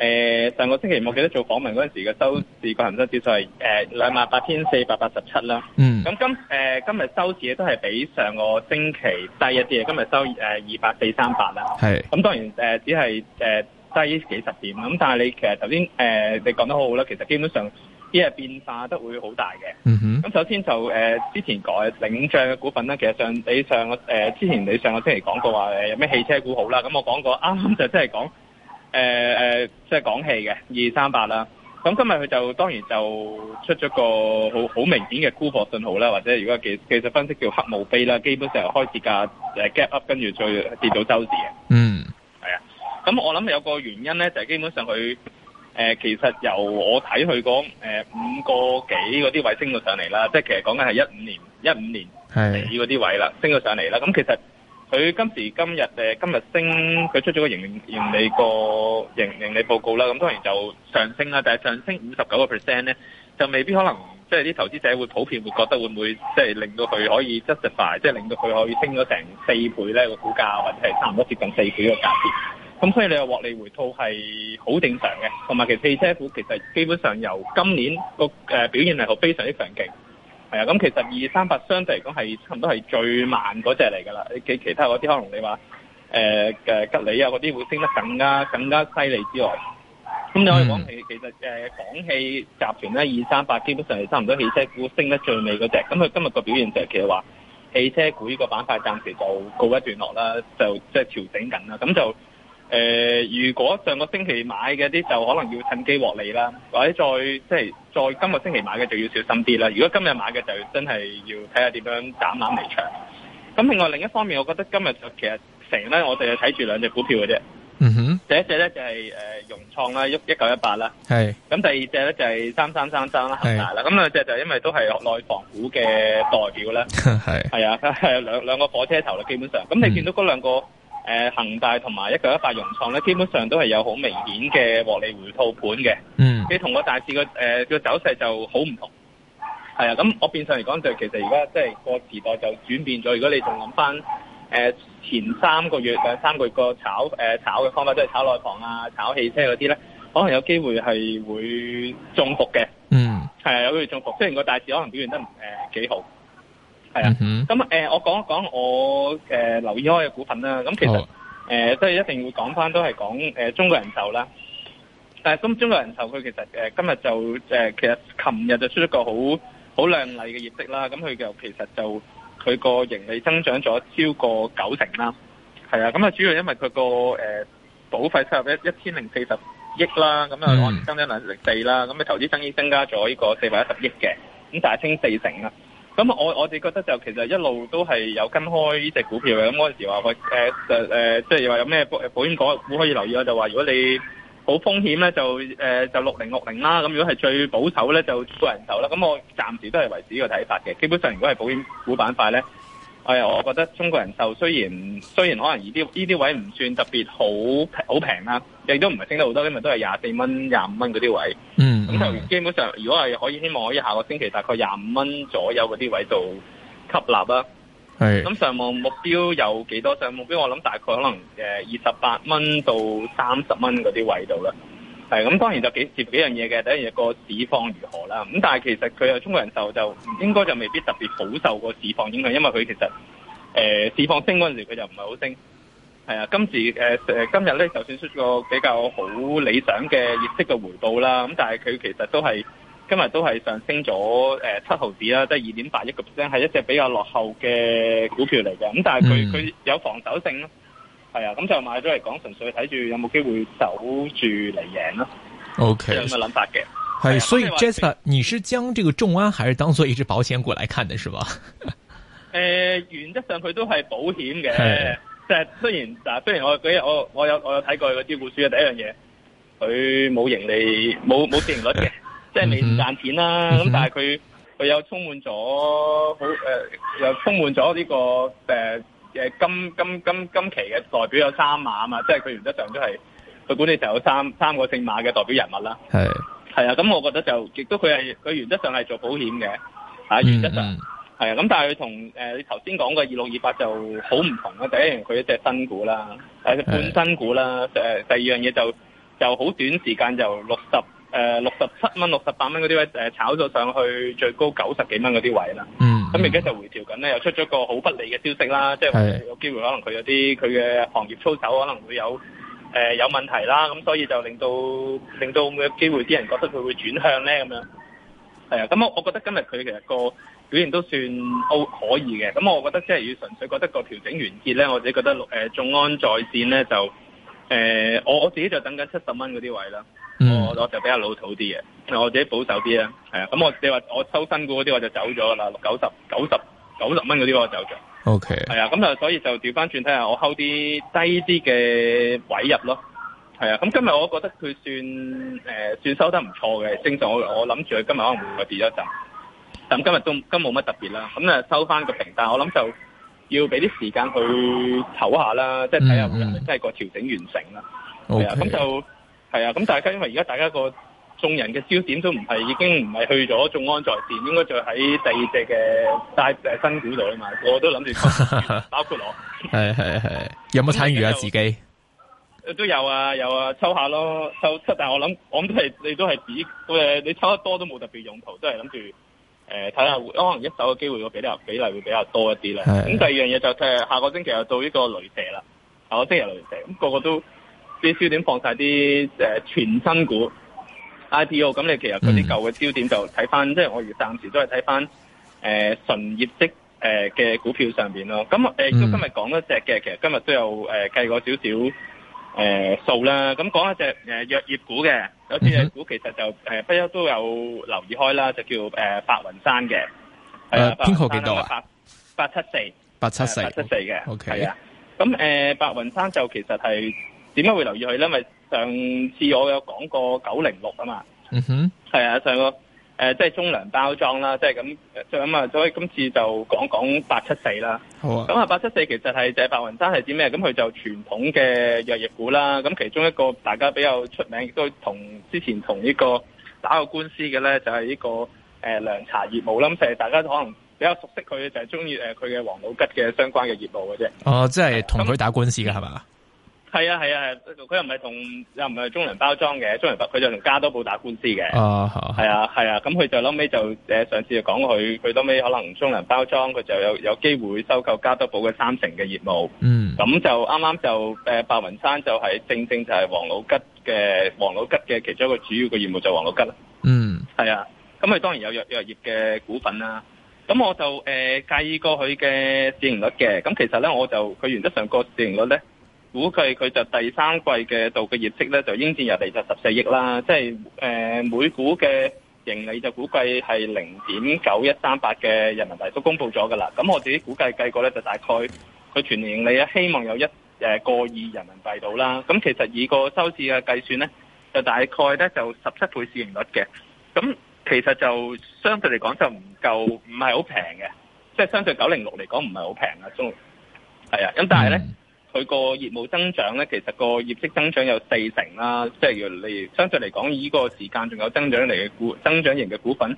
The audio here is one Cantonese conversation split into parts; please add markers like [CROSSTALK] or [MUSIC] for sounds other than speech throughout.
誒、呃、上個星期我記得做訪問嗰陣時嘅收市個恆收指數係誒兩萬八千四百八十七啦。嗯。咁今、呃、今日收市都係比上個星期低一啲嘅，今日收誒二百四三百啦。係是。咁、嗯、當然、呃、只係誒、呃、低幾十點，咁但係你其實頭先、呃、你講得好好啦，其實基本上啲嘅變化都會好大嘅。嗯哼。咁首先就、呃、之前講領漲嘅股份啦，其實上你上個、呃、之前你上個星期講過話有咩汽車股好啦，咁我講過啱啱就即係講。誒誒，即係、呃就是、講戲嘅二三八啦，咁今日佢就當然就出咗個好好明顯嘅沽貨信號啦，或者如果技技術分析叫黑墓碑啦，基本上係開始價誒、就是、gap up，跟住再跌到周市嘅，嗯啊。嗯，係啊，咁我諗有個原因咧，就係、是、基本上佢誒、呃，其實由我睇佢講誒五個幾嗰啲位升到上嚟啦，即係其實講緊係一五年一五年嚟嗰啲位是啦，升到上嚟啦，咁其實。佢今時今日誒，今日升，佢出咗個盈盈利個盈盈利報告啦，咁當然就上升啦，但係上升五十九個 percent 咧，就未必可能，即係啲投資者會普遍會覺得會唔會即係令到佢可以 justify，即係令到佢可以升咗成四倍咧個股價，或者係差唔多接近四倍嘅價錢。咁所以你話獲利回吐係好正常嘅，同埋其實汽車股其實基本上由今年個誒表現嚟講，非常之強勁。係啊，咁其實二三八相對嚟講係差唔多係最慢嗰隻嚟㗎啦。佢其，其他嗰啲可能你話誒誒吉利啊嗰啲會升得更加更加犀利之外，咁你可以講起其實誒廣汽集團咧二三八基本上係差唔多汽車股升得最尾嗰隻。咁佢今日個表現就係其實話汽車股呢個板塊暫時就告一段落啦，就即係、就是、調整緊啦，咁就。誒、呃，如果上個星期買嘅啲就可能要趁機獲利啦，或者再即係再今個星期買嘅就要小心啲啦。如果今日買嘅就真係要睇下點樣斬纜離場。咁另外另一方面，我覺得今日就其實成咧，我哋就睇住兩隻股票嘅啫。嗯哼，第一隻咧就係、是、誒、呃、融創啦，喐一九一八啦。係是。咁第二隻咧就係三三三三啦，恒大啦。咁兩是隻就是因為都係內房股嘅代表啦。係 [LAUGHS] 是。係啊，係兩兩個火車頭啦，基本上。咁你見到嗰兩個？嗯誒、呃、恒大同埋一九一八融創咧，基本上都係有好明顯嘅獲利回吐盤嘅。嗯、mm.，你同個大市個誒個走勢就好唔同。係啊，咁我變相嚟講就其實而家即係個時代就轉變咗。如果你仲諗翻誒前三個月兩三個月個炒誒、呃、炒嘅方法，即係炒內房啊、炒汽車嗰啲咧，可能有機會係會中伏嘅。嗯，係啊，有機會中伏。雖然個大市可能表現得唔誒、呃、幾好。係啊，咁誒、mm hmm. 嗯，我講一講我誒、呃、留意開嘅股份啦、啊。咁其實誒、oh. 呃、都係一定要講返，都係講誒中國人壽啦。誒，咁中國人壽佢其實誒、呃、今日就誒、呃、其實琴日就出咗個好好靚麗嘅業績啦。咁佢就其實就佢個盈利增長咗超過九成啦。係啊，咁啊主要因為佢個誒保費收入一一千零四十億啦，咁啊增長兩成四啦。咁嘅、mm. 投資生意增加咗呢個四百一十億嘅，咁大升四成啦。咁我我哋覺得就其實一路都係有跟開呢隻股票嘅，咁嗰陣時話我誒誒，即係話有咩保，保險股可以留意啊？就話如果你好風險咧，就誒、呃、就六零六零啦；咁如果係最保守咧，就中國人壽啦。咁我暫時都係維持呢個睇法嘅。基本上如果係保險股板塊咧，我、哎、我覺得中國人壽雖然雖然可能呢啲呢啲位唔算特別好好平啦，亦都唔係升得好多，因為都係廿四蚊、廿五蚊嗰啲位。嗯。嗯、基本上，如果係可以，希望可以下個星期大概廿五蚊左右嗰啲位度吸納啦。係咁是上望目標有幾多少上目標，我諗大概可能誒二十八蚊到三十蚊嗰啲位度啦。係咁，當然就幾接幾樣嘢，嘅，第一樣、個市況如何啦。咁但係其實佢又中國人壽就應該就未必特別好受個市況影響，因為佢其實誒市況升嗰陣時，佢就唔係好升。係啊，今次誒誒、呃，今日咧就算出個比較好理想嘅業績嘅回報啦，咁、嗯、但係佢其實都係今日都係上升咗誒、呃、七毫子啦，即係二點八一個 percent，係一隻比較落後嘅股票嚟嘅，咁、嗯、但係佢佢有防守性咯，係、嗯、啊，咁就買咗嚟講，純粹睇住有冇機會走住嚟贏咯。OK，有咁嘅諗法嘅？係是、啊、所以 Jasper，是你是將這個眾安還是當做一隻保險股來看的，是吧？誒、呃，原則上佢都係保險嘅。雖然，雖然我我我有我有睇過佢個招股書嘅，第一樣嘢佢冇盈利，冇冇盈率嘅，即係未賺錢啦。咁 [LAUGHS] 但係佢佢充滿咗、呃、又充滿咗呢、這個、呃、金今今今今期嘅代表有三馬啊嘛，即係佢原則上都係佢管理就有三三個姓馬嘅代表人物啦。係 [LAUGHS] 啊，咁我覺得就亦都佢佢原則上係做保險嘅啊，原則上。 [LAUGHS] 係啊，咁但係佢、呃、同誒你頭先講嘅二六二八就好唔同咯。第一樣佢一隻新股啦，係的半新股啦。第二樣嘢就就好短時間就六十誒六十七蚊、六十八蚊嗰啲位炒咗上去，最高九十幾蚊嗰啲位啦。嗯，咁而家就回調緊咧，嗯、又出咗個好不利嘅消息啦，即係有機會可能佢有啲佢嘅行業操守可能會有、呃、有問題啦。咁所以就令到令到咁有機會，啲人覺得佢會轉向咧咁樣。係啊，咁我我覺得今日佢其實個。表現都算 O 可以嘅，咁我覺得即係要純粹覺得個調整完結咧，我自己覺得六誒眾安在線咧就誒，我、呃、我自己就等緊七十蚊嗰啲位啦，mm. 我我就比較老土啲嘅，我自己保守啲啦。係啊，咁我你話我收新股嗰啲我就走咗啦，九十九十九十蚊嗰啲我走咗。OK。係啊，咁啊所以就調翻轉睇下我 hold 啲低啲嘅位入咯，係啊，咁今日我覺得佢算誒、呃、算收得唔錯嘅，正常我我諗住佢今日可能會跌咗一陣。咁今日都都冇乜特別啦，咁就收翻個平，但我諗就要俾啲時間去唞下啦，即係睇下真係個調整完成啦。係啊 Okay.，咁就係啊！咁大家因為而家大家個眾人嘅焦點都唔係已經唔係去咗眾安在線，應該就喺第二隻嘅大誒新股度啊嘛。我都諗住， [LAUGHS] 包括我係係係有冇參與啊？自己都有啊，有啊，抽下咯，抽出。但我諗，我諗都係你都係自誒你抽得多都冇特別用途，都係諗住。誒睇下，可能一手嘅機會個比例比例會比較多一啲咧。咁是的 第二樣嘢就睇下個星期又到呢個雷蛇啦，下個星期又雷蛇，咁個，個個都啲焦點放曬啲誒全新股 IPO。咁你其實嗰啲舊嘅焦點就睇翻，嗯、即係我而暫時都係睇翻誒純業績嘅、呃、股票上面咯。咁、呃、都、呃嗯、今日講一隻嘅，其實今日都有計、呃、過少少。誒，數啦，咁講一隻誒藥業股嘅，有啲藥業股其實就誒不一都有留意開啦，就叫誒白雲山嘅。誒，編號幾多啊？八七四，八七四，八七四嘅。OK，係啊。咁誒白雲山就其實係點解會留意佢咧？因為上次我有講過九零六啊嘛。嗯哼，係啊，上個。誒、呃，即係中糧包裝啦，即係咁，咁啊，所以今次就講講八七四啦。好啊，咁啊，八七四其實係就係白雲山係啲咩？咁佢就傳統嘅藥業股啦。咁其中一個大家比較出名，亦都同之前同呢個打過官司嘅咧，就係、是、呢個誒、呃、涼茶業務啦。咁就係大家可能比較熟悉佢，就係中意佢嘅王老吉嘅相關嘅業務嘅啫。哦，即係同佢打官司嘅係咪？嗯係啊係啊係，佢、啊啊啊、又唔係同又唔係中糧包裝嘅，中糧包佢就同加多寶打官司嘅。哦，係啊係啊，咁佢、啊嗯、就諗屘就誒上次就講佢佢多屘可能中糧包裝佢就有有機會收購加多寶嘅三成嘅業務。嗯、mm.，咁就啱啱就誒白雲山就係、是、正正就係王老吉嘅，王老吉嘅其中一個主要嘅業務就王老吉、mm. 是啊。嗯，係啊，咁佢當然有藥藥業嘅股份啦。咁、嗯、我就、呃、介意過佢嘅市盈率嘅。咁其實咧，我就佢原則上個市盈率咧。估計佢就第三季嘅度嘅業績咧，就應佔入嚟就十四億啦。即係誒每股嘅盈利就估計係零點九一三八嘅人民幣，都公佈咗噶啦。咁我自己估計計過咧，就大概佢全年盈利啊，希望有一誒個二人民幣度啦。咁其實以個收市嘅計算咧，就大概咧就十七倍市盈率嘅。咁其實就相對嚟講就唔夠，唔係好平嘅。即係相對九零六嚟講，唔係好平啊。中係啊。咁但係咧。佢個業務增長咧，其實個業績增長有四成啦，即係如嚟相對嚟講，呢個時間仲有增長嚟嘅股增長型嘅股份，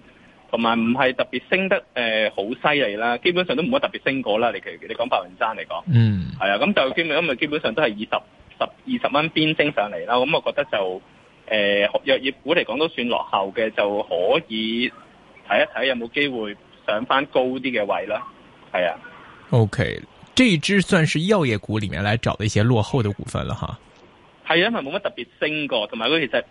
同埋唔係特別升得誒好犀利啦，基本上都唔乜特別升過啦。你其實你講白雲山嚟講，嗯，係啊，咁就基因為基本上都係二十十二十蚊邊升上嚟啦。咁我覺得就誒藥、呃、業股嚟講都算落後嘅，就可以睇一睇有冇機會上翻高啲嘅位啦。係啊，O K。Okay. 這支算是藥業股裏面來找的一些落後的股份了哈，係因為冇乜特別升過，同埋佢其實，誒、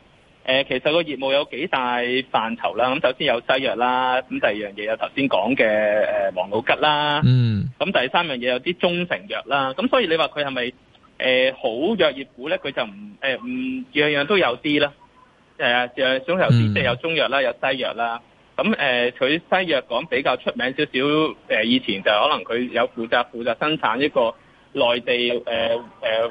呃、其實個業務有幾大範疇啦，咁首先有西藥啦，咁第二樣嘢有頭先講嘅誒王老吉啦，嗯，咁第三樣嘢有啲中成藥啦，咁所以你話佢係咪誒好藥業股呢？佢就唔誒唔樣樣都有啲啦，係啊，總有啲即係有中藥啦，有西藥啦。咁誒，佢、呃、西藥講比較出名少少，誒、呃、以前就可能佢有負責負責生產一個內地誒誒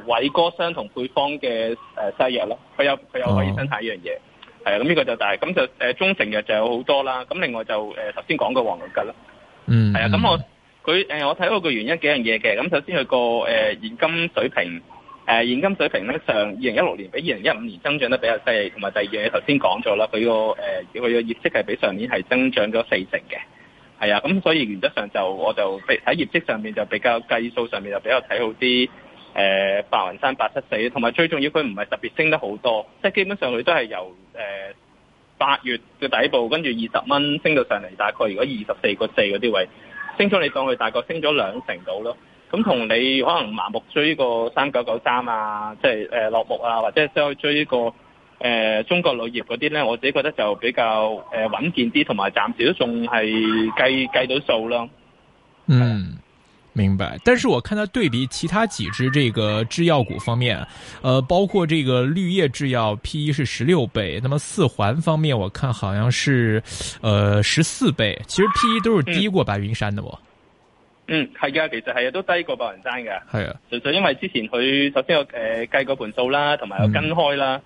偉哥相同配方嘅、呃、西藥咯，佢有佢有可以生產一樣嘢，係啊、哦，咁呢個就大，咁就、呃、中成藥就有好多啦，咁另外就誒頭先講過黃龍吉啦，嗯，係啊，咁我佢、呃、我睇到個原因幾樣嘢嘅，咁首先佢個誒現金水平。誒現金水平咧，上二零一六年比二零一五年增長得比較低。同埋第二嘢頭先講咗啦，佢、個誒佢個業績係比上年係增長咗四成嘅，係啊，咁所以原則上就我就喺業績上面就比較計數上面就比較睇好啲。誒、呃，白雲山八七四，同埋最重要佢唔係特別升得好多，即、就、係、是、基本上佢都係由誒八、呃、月嘅底部跟住二十蚊升到上嚟，大概如果二十四個四嗰啲位，升咗你當佢大概升咗兩成到咯。咁同你可能盲目追呢個三九九三啊，即係誒落木啊，或者追呢個誒、呃、中國鋁業嗰啲咧，我自己覺得就比較誒穩、呃、健啲，同埋暫時都仲係計計到數咯。嗯，明白。但是我看到對比其他幾支這個製藥股方面，呃，包括這個綠葉製藥 PE 是十六倍，那麼四環方面我看好像是，呃，十四倍。其實 PE 都是低過白雲山的我。嗯嗯，係噶，其實係啊，都低過白雲山噶。係啊，純粹因為之前佢首先有誒計個盤數啦，同、呃、埋有，有跟開啦，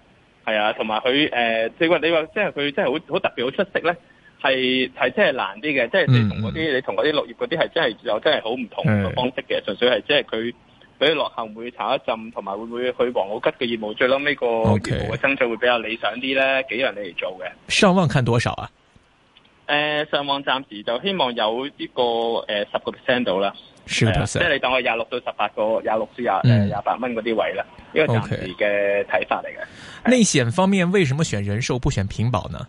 係啊、嗯、同埋佢誒，你話你話即係佢真係好好特別好出色咧，係係真係難啲嘅，嗯、即係你同嗰啲、嗯、你同嗰啲綠葉嗰啲係真係有真係好唔同嘅方式嘅，純的粹係即係佢俾落後會查一浸，同埋會唔會去黃老吉嘅業務，最屘呢個業務嘅增長會比較理想啲咧，幾難你嚟做嘅。上望看多少啊？誒、呃，上網暫時就希望有呢個誒十個 percent 到啦，呃10呃、即係你當我廿六到十八個廿六至廿誒廿八蚊嗰啲位啦，呢、嗯、個暫時嘅睇法嚟嘅。內險方面，為什麼選人壽不選平保呢？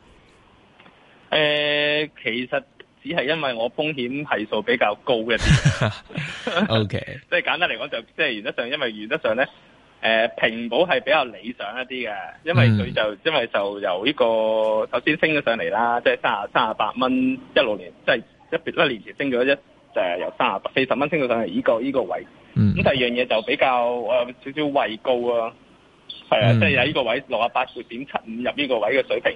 誒，其實只係因為我風險係數比較高嘅啲。O K，即係簡單嚟講就即、是、係原則上，因為原則上咧。誒平保係比較理想一啲嘅，因為佢就因為就由呢、這個首先升咗上嚟啦，即係三啊八蚊一六年，即、就、係、是、一別一年前升咗一誒、就是、由三啊八四十蚊升咗上嚟、這個。呢個呢個位。咁、嗯、第二樣嘢就比較、呃、少少畏高啊，啊，即係有呢個位六啊八點七五入呢個位嘅水平，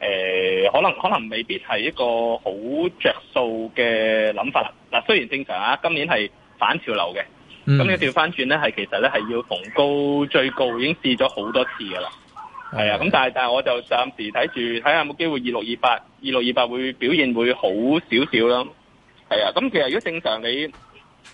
呃、可能可能未必係一個好着數嘅諗法啦。嗱，雖然正常啊，今年係反潮流嘅。咁你調翻轉咧，係、嗯、其實咧係要逢高最高已經試咗好多次噶啦，係啊。咁但係但係我就暫時睇住，睇下有冇機會二六二八、二六二八會表現會好少少咯。係啊。咁其實如果正常你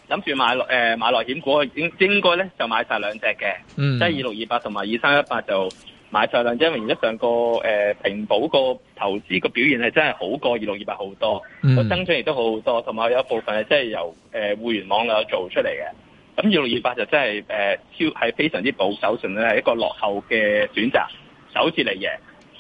諗住買誒、呃、買內險股，應該咧就買曬兩隻嘅，即係二六二八同埋二三一八就買曬兩隻，因為而家上個、呃、平保個投資個表現係真係好過二六二八好多，個增長亦都好好多，同埋有一部分係即係由誒互聯網嗰度做出嚟嘅。咁二六二八就真係誒超係非常之保守，純粹係一個落後嘅選擇。首次嚟贏，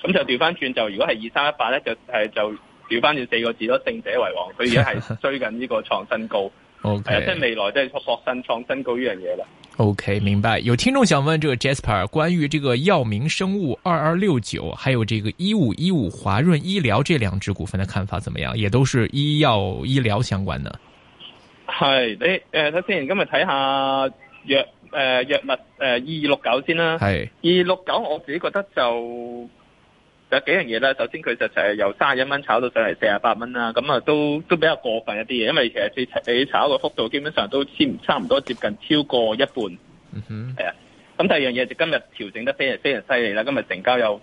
咁就調翻轉。就如果係二三一八咧，就係就調翻轉四個字咯，勝者為王。佢而家係追緊呢個創新高，OK，即係未來即係博新創新高呢樣嘢啦。OK，明白。有聽眾想問這個 Jasper 關於這個藥明生物二二六九，還有這個一五一五華潤醫療這兩隻股份嘅看法，怎麼樣？也都是醫藥醫療相關嘅。係你誒，首、呃、先，今日睇下藥誒藥物誒二二六九先啦。係二六九，我自己覺得就，就有幾樣嘢啦。首先佢就就由三十一蚊炒到上嚟四十八蚊啦。咁啊，都都比較過分一啲嘢，因為其實你炒個幅度基本上都差唔差唔多接近超過一半。嗯哼，係啊。咁第二樣嘢就今日調整得非常非常犀利啦。今日成交有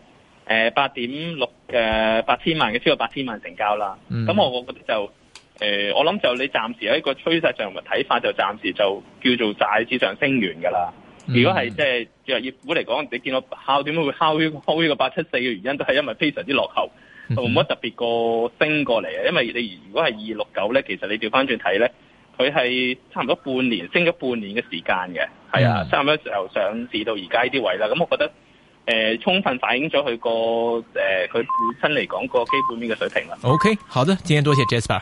誒八點六誒八千萬嘅超過八千萬成交啦。咁我、嗯、我覺得就。誒、呃，我諗就你暫時喺個趨勢上嘅睇法，就暫時就叫做大市上升完噶啦。嗯、如果係即係就業股嚟講，你見到敲點會敲呢敲個八七四嘅原因，都係因為非常之落後，冇乜，嗯、哼特別過升過嚟啊。因為你如果係二六九咧，其實你調翻轉睇咧，佢係差唔多半年升咗半年嘅時間嘅，係啊、嗯，差唔多時候上市到而家呢啲位啦。咁、嗯、我覺得誒、呃，充分反映咗佢個誒，佢、呃、本身嚟講個基本面嘅水平啦。OK，好的，今天多謝 Jasper。